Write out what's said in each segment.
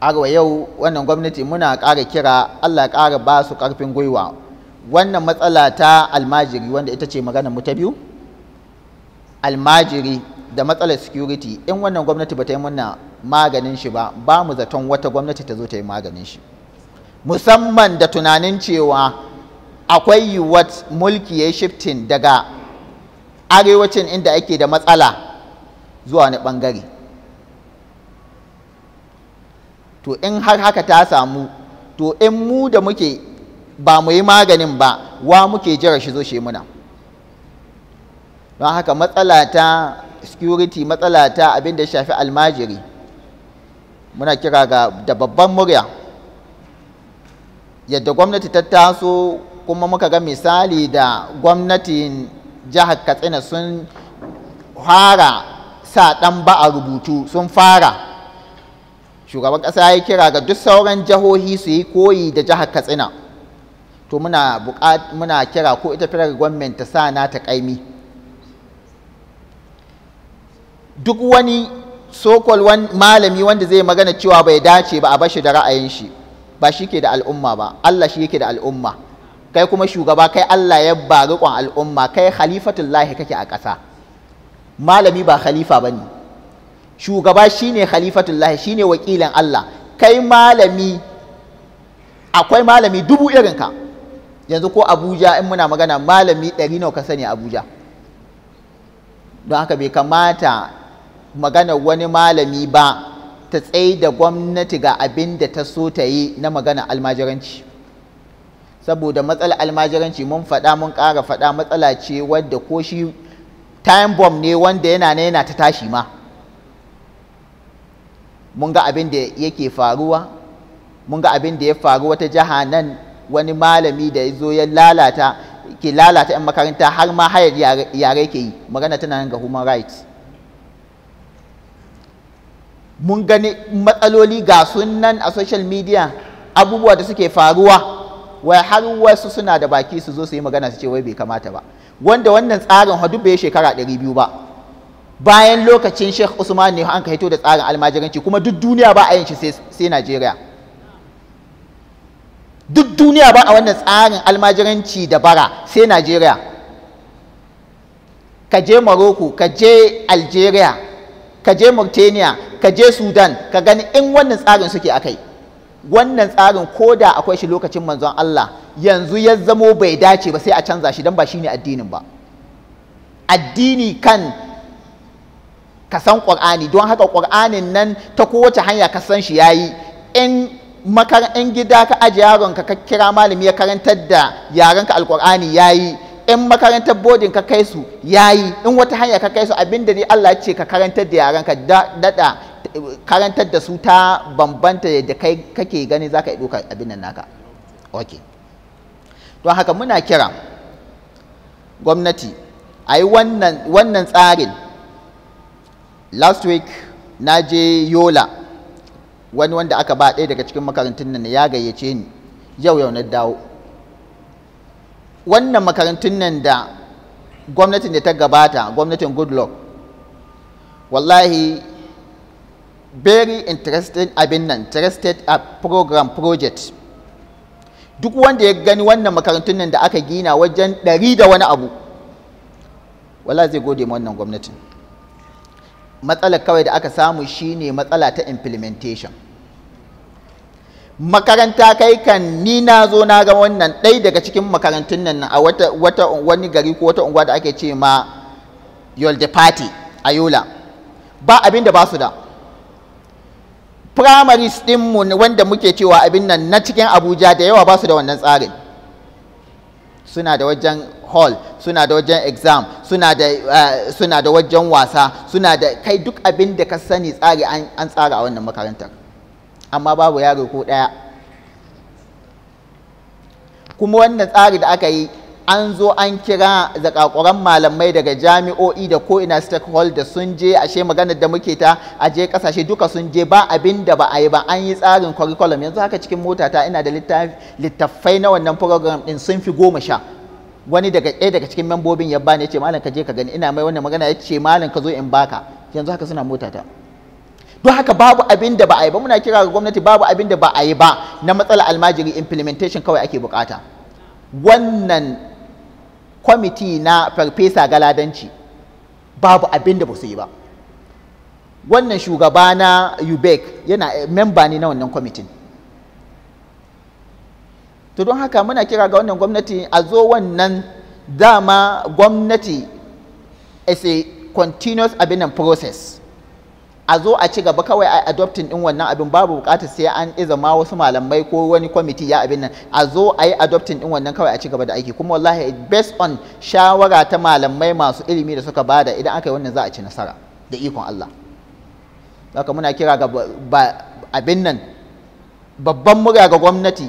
arwa yau wannan gwamnati muna ƙara kira Allah ƙara ba su ƙarfin gwiwa wannan matsala ta almajiri wanda ita ce magana mu ta biyu almajiri da matsalar security in wannan gwamnati ba ta yi muna maganin shi ba ba mu zaton wata gwamnati ta zo ta yi maganin shi musamman da tunanin cewa akwai yiwuwar mulki ya shifting daga arewacin inda ake da matsala zuwa wani bangare to in har haka ta samu to in mu da muke ba mu yi maganin ba wa muke jira shi zo shi muna don haka matsala ta security matsala ta abin da shafi almajiri muna kira ga da babban murya yadda gwamnati ta taso kuma muka ga misali da gwamnatin jihar katsina sun fara sa ɗan ba a rubutu sun fara shugaban ƙasa ya kira ga duk sauran jihohi su yi koyi da jihar katsina to muna muna kira ko ita firar gwamnati ta sa na ta ƙaimi duk wani sokol malami wanda zai magana cewa bai dace ba a bashi da ra'ayin shi ba shi ke da al'umma ba Allah shi yake da al'umma kai kuma shugaba kai Allah ya ba riƙon al'umma kai khalifatullahi kake a ƙasa malami ba khalifa ba ne shugaba shine khalifatullahi shine wakilan Allah kai malami akwai malami dubu irinka yanzu ko abuja in muna magana malami ɗari nawa ka sani abuja don haka bai kamata magana wani malami ba ta tsaye da gwamnati ga abin da ta so ta yi na magana almajiranci saboda matsala almajiranci mun faɗa mun ƙara faɗa matsala ce wadda ko shi time bomb ne wanda yana na yana ta tashi ma mun ga abin da yake faruwa mun ga abin da ya faru wata jiha nan wani malami da ya zo ya lalata ke lalata 'yan makaranta har ma hayar yare ke yi magana tana nan ga human rights mun gani matsaloli ga sunan a social media abubuwa da suke faruwa wai har wasu suna da baki su zo su yi magana su ce wai bai kamata ba wanda wannan tsarin hadu bai shekara 200 ba bayan lokacin Sheikh Usman ne an ka hito da tsarin almajiranci kuma duk duniya ba a yin shi sai Najeriya duk duniya ba a wannan tsarin almajiranci da bara sai Najeriya ka je Morocco ka je Algeria ka je Mauritania ka je Sudan ka gani in wannan tsarin suke akai wannan tsarin ko da akwai shi lokacin manzon Allah yanzu ya zamo bai dace ba sai a canza shi don ba shine addinin ba addini kan ka san ƙur'ani don haka ƙur'anin nan ta kowace hanya ka san shi yayi in in gida ka aji yaronka ka kira malami ya karantar da yarenka alƙur'ani yi. in makarantar bodin ka kai su ya yi. in wata hanya ka kai su abinda ne Allah ce ka karantar da yarenka daɗa karantar da su ta bambanta da kai kake gani za ka ɗaukar abin nan naka ok don haka muna kira gwamnati a yi wannan tsarin last week na je yola wani wanda aka ba ɗaya daga cikin makarantun nan ya gayyace ni yau yau na dawo wannan makarantun nan da gwamnatin da ta gabata gwamnatin goodluck wallahi very interesting abin nan interested a program project duk wanda ya gani wannan makarantun nan da aka gina wajen ɗari da wani abu wala zai gode wannan gwamnatin matsalar kawai da aka samu shine matsala ta implementation makaranta kai kan ni na zo na ga wannan ɗai daga cikin makarantun nan a wata, wata wani gari ko wata unguwa da ake ce ma yolde party a yola ba abin da ba su da primaries ɗinmu wanda muke cewa abin nan na cikin abuja da yawa ba su da wannan tsarin suna da wajen hall suna da wajen exam eh, suna da wajen wasa suna da kai duk abin da ka sani tsari an tsara a wannan makarantar amma babu yaro ko ɗaya kuma wannan tsari da aka yi an zo an kira zakakuran malamai daga jami'o'i da ko ina stakeholder sun je ashe maganar da muke ta a je kasashe duka sun je ba abin da ba a yi ba an yi tsarin curriculum yanzu haka cikin mota ta ina da littafai na wannan program din sun fi goma sha wani daga ɗaya daga cikin membobin ya bani ya ce malam ka je ka gani ina mai wannan magana ya ce malam ka zo in baka yanzu haka suna mota ta don haka babu abin da ba a yi ba muna kira ga gwamnati babu abin da ba a yi ba na matsalar almajiri implementation kawai ake bukata wannan kwamiti na farfesa galadanci babu abin da ba su yi ba wannan shugaba na ubec yana eh, memba ne na wannan kwamitin to don haka muna kira ga wannan gwamnati a zo wannan dama gwamnati is a continuous abinan process a zo a ci gaba kawai a adoptin din wannan abin babu bukatar sai an iza ma wasu malamai ko wani kwamiti ya abin nan a zo a yi adoptin din wannan kawai a ci gaba da aiki kuma wallahi based on shawara ta malamai masu ilimi da suka bada idan aka yi wannan za a ci nasara da ikon Allah haka muna kira ga abin nan babban murya ga gwamnati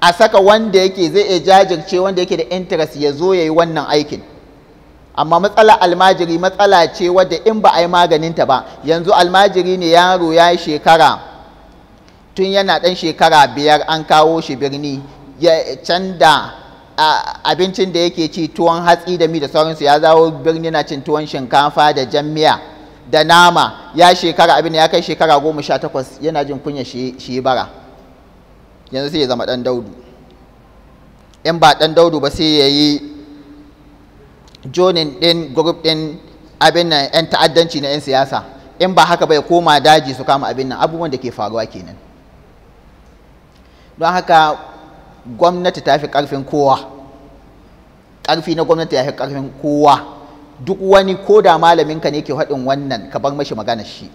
a saka wanda yake zai iya jajirce wanda yake da interest ya zo ya yi wannan aikin amma matsala almajiri matsala ce wadda in ba a yi maganinta ba yanzu almajiri ne yaro ya yi shekara tun yana ɗan shekara biyar an kawo shi birni ya canda abincin da yake ci tuwon hatsi da mi da sauransu ya zawo birni na cin tuwon shinkafa da jammiya da nama ya shekara abin ya kai shekara goma sha takwas yana jin kunya shi bara yanzu sai ya zama ɗan daudu in ba ɗan daudu ba sai ya yi jonin din group din abin nan yan ta'addanci na yan siyasa in ba haka bai koma daji su kama abin nan abubuwan da ke faruwa kenan don haka gwamnati ta fi karfin kowa karfi na gwamnati ya fi karfin kowa duk wani ko da malaminka ne ke haɗin wannan ka bar mashi magana shi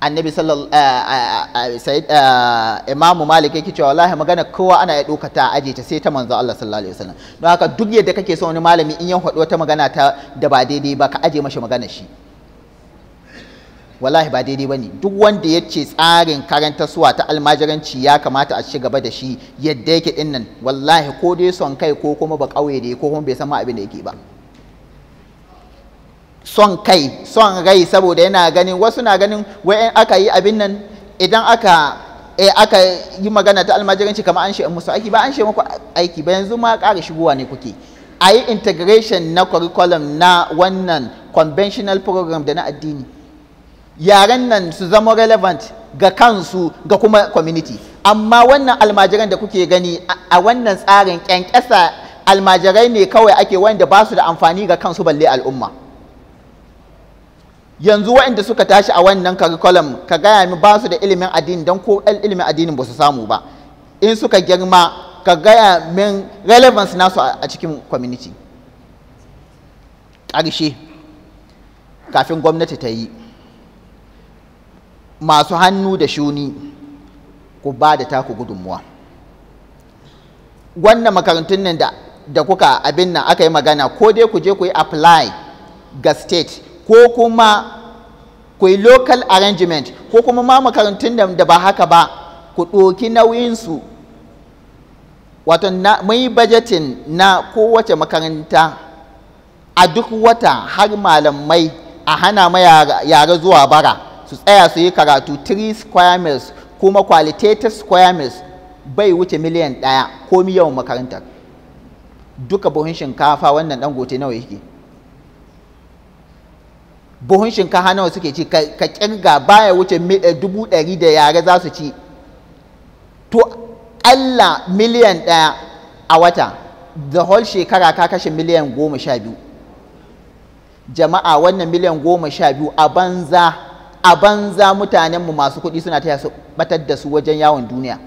annabi eh, eh, eh, imamu malik yake cewa wallahi magana kowa ana ya ɗauka ta aje ta sai ta manzo Allah sallallahu alaihi wasallam don haka duk yadda kake son wani malami in ya faɗi wata magana ta da ba daidai ba ka aje mashi magana shi wallahi ba daidai bane duk wanda ya ce tsarin suwa ta almajiranci ya kamata a ci gaba da shi yadda yake dinnan wallahi ko dai son kai ko kuma ba kauye da ko kuma bai san ma abin da yake ba son kai son rai saboda yana ganin wasu na ganin wai aka yi abin nan idan aka e, aka yi magana ta almajiranci kamar an shi'a musu aiki ba an shi'a muku aiki ba yanzu ma ƙara shigowa ne kuke a yi integration na curriculum na wannan conventional program da na addini yaren nan su zama relevant ga kansu ga kuma community amma wannan almajiran da kuke gani a wannan tsarin kyankyasa almajirai ne kawai ake wanda ba su da amfani ga kansu balle al'umma yanzu waɗanda suka tashi a wannan curriculum ka gaya mi ba su da ilimin addini don ko ilimin addinin ba su samu ba in suka girma ka gaya min relevance nasu a cikin community ƙarshe kafin gwamnati ta yi masu hannu da shuni ku ba da taku gudunmuwa wannan makarantun nan da kuka abin nan aka yi magana ko dai ku je ku yi apply ga state ko kuma ku local arrangement ko kuma ma makarantun da ba haka ba ku ɗoki nauyinsu wato mun yi budgeting na kowace makaranta a duk wata har malamai a hana ma yara zuwa bara su tsaya su yi karatu 3 square miles kuma qualitative square miles bai wuce miliyan ɗaya ko yawan makarantar duka buhun shinkafa wannan dangote nawa yake buhun shinkafa nawa suke ci ka ƙirga, baya wuce eh, dubu ɗari da yare za su ci to Allah miliyan ɗaya a wata the whole shekara ka kashe miliyan goma sha biyu jama'a wannan miliyan goma sha biyu a banza a banza mutanenmu masu kuɗi suna taya su batar da su wajen yawon duniya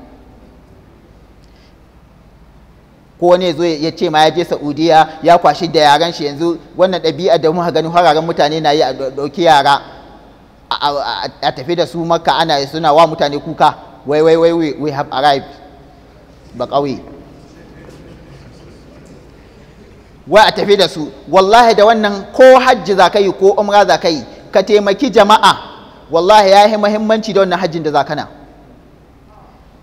ko wani ya zo ya ce ma ya je saudiya ya kwashi da yaran shi yanzu wannan ɗabi'a da muka gani hararen mutane na yi a ɗauki yara a tafi da su makka ana suna wa mutane kuka wai wai wai we have arrived ba ƙauye wai a tafi da su wallahi da wannan ko hajji za ka yi ko umra za ka yi ka taimaki jama'a wallahi ya yi muhimmanci da wannan hajjin da za kana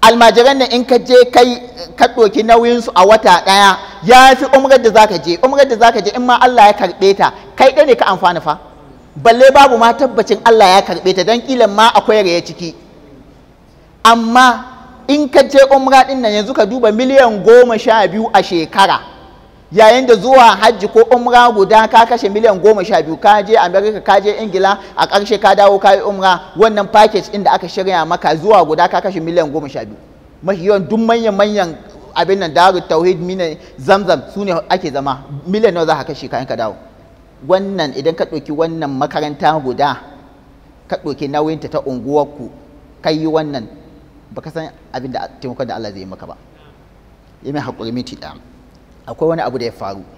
almajiran nan in ka je kai ka ɗoki nauyinsu a wata ɗaya ya fi umrar da zaka je umrar da zaka je in ma Allah ya karɓe ta kai ɗaya ne ka amfani fa balle babu ma tabbacin Allah ya karɓe ta don ƙila ma akwai raye ciki amma in ka je umra ɗin nan yanzu ka duba miliyan goma sha biyu a shekara yayin da zuwa hajji ko umra guda ka kashe miliyan goma sha biyu ka je Amerika ka je ingila a ƙarshe ka dawo ka yi umra wannan package inda aka shirya maka zuwa guda ka kashe miliyan goma sha biyu mafi yawan duk manyan manyan abin nan daru tauhid mina zamzam su ne ake zama miliyan nawa za ka kashe kayan ka dawo wannan idan ka ɗauki wannan makaranta guda ka ɗauki nauyinta ta unguwarku ka yi wannan baka san abin da taimakon da Allah zai yi maka ba yi mai haƙuri miti ɗaya akwai wani abu da ya faru